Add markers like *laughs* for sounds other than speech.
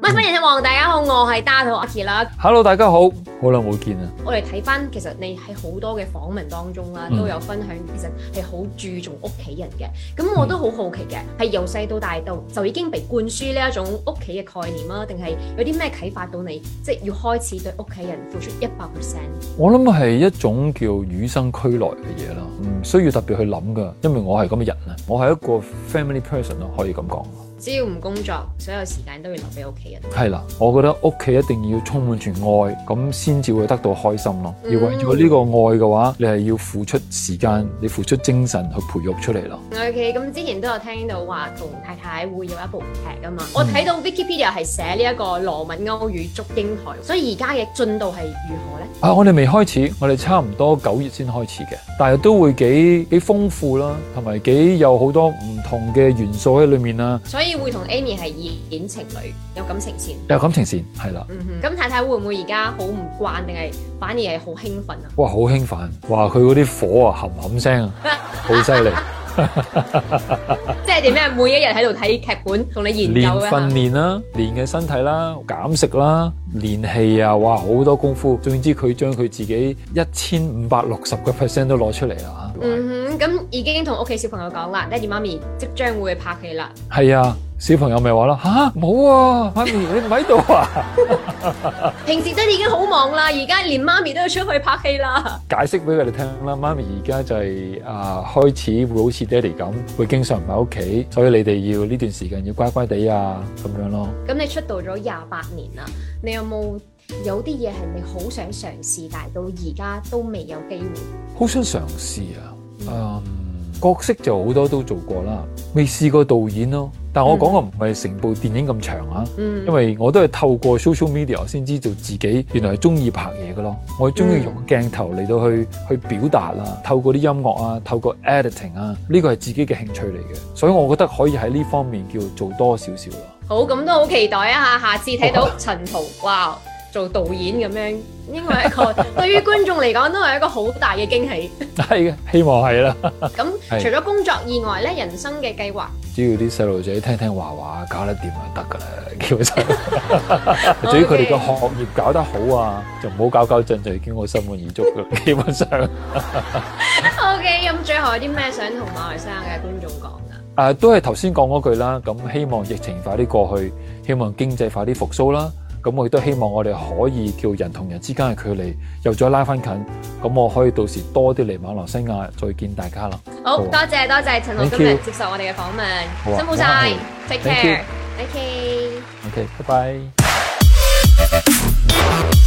歡迎收睇人氣王，大家好，我係大肚阿 K 啦。Hello，大家好，好耐冇見啊！我哋睇返，其實你喺好多嘅訪問當中啦，嗯、都有分享，其實係好注重屋企人嘅。咁我都好好奇嘅，係、嗯、由細到大到就已經被灌輸呢一種屋企嘅概念啦，定係有啲咩啟發到你，即係要開始對屋企人付出一百 percent？我諗係一種叫與生俱來嘅嘢啦，唔需要特別去諗噶。因為我係咁嘅人啊，我係一個 family person 咯，可以咁講。只要唔工作，所有時間都要留俾屋企人。係啦，我覺得屋企一定要充滿住愛，咁先至會得到開心咯。嗯、要為咗呢個愛嘅話，你係要付出時間，你付出精神去培育出嚟咯、嗯。OK，咁之前都有聽到話同太太會有一部劇啊嘛。嗯、我睇到 Wikipedia 係寫呢一個羅密歐與祝英台，所以而家嘅進度係如何咧？啊，我哋未開始，我哋差唔多九月先開始嘅，但係都會幾幾豐富啦，同埋幾有好多唔同嘅元素喺裡面啦。所以會同 Amy 係演情侶，有感情線，有感情線，係啦。咁、嗯、太太會唔會而家好唔慣，定係反而係好興奮啊？哇，好興奮！哇，佢嗰啲火啊，冚冚聲啊，好犀利。 *laughs* *laughs* 即係點樣？每一日喺度睇劇本，同你研究訓練啊！訓練啦，練嘅身體啦、啊，減食啦、啊，練氣啊，哇，好多功夫。總之，佢將佢自己一千五百六十個 percent 都攞出嚟啦！嗯哼，咁已經同屋企小朋友講啦，爹哋媽咪即將會拍戲啦。係啊。小朋友咪話啦吓？冇啊，啊，媽咪你唔喺度啊。 *laughs* 平時爹哋已經好忙啦，而家連媽咪都要出去拍戲啦。解釋俾佢哋聽啦，媽咪而家就係、是、啊開始會好似爹哋咁，會經常唔喺屋企，所以你哋要呢段時間要乖乖地啊咁樣咯。咁你出道咗廿八年啦，你有冇有啲嘢係你好想嘗試，但係到而家都未有機會？好想嘗試啊！嗯啊，角色就好多都做過啦，未試過導演咯。但我講過唔係成部電影咁長啊，嗯、因為我都係透過 social media 先知道自己原來係中意拍嘢嘅咯，我中意用鏡頭嚟到去去表達啦、啊，嗯、透過啲音樂啊，透過 editing 啊，呢個係自己嘅興趣嚟嘅，所以我覺得可以喺呢方面叫做多少少。好，咁都好期待啊！下次睇到陳豪，哇！哇做導演咁樣，應該係一個對於觀眾嚟講都係一個好大嘅驚喜。係嘅，希望係啦。咁除咗工作以外咧，人生嘅計劃，只要啲細路仔聽聽話話，搞得掂就得噶啦，基本上。至於佢哋嘅學業搞得好啊，就唔好搞搞震，就已經我心滿意足噶，基本上。OK，咁最後有啲咩想同馬來西亞嘅觀眾講噶？誒，都係頭先講嗰句啦。咁希望疫情快啲過去，希望經濟快啲復甦啦。咁我亦都希望我哋可以叫人同人之間嘅距離又再拉翻近，咁我可以到時多啲嚟馬來西亞再見大家啦。好，好多謝，多謝多謝陳豪今日 Thank you. 接受我哋嘅訪問，好辛苦晒 take care，ok，ok，拜拜。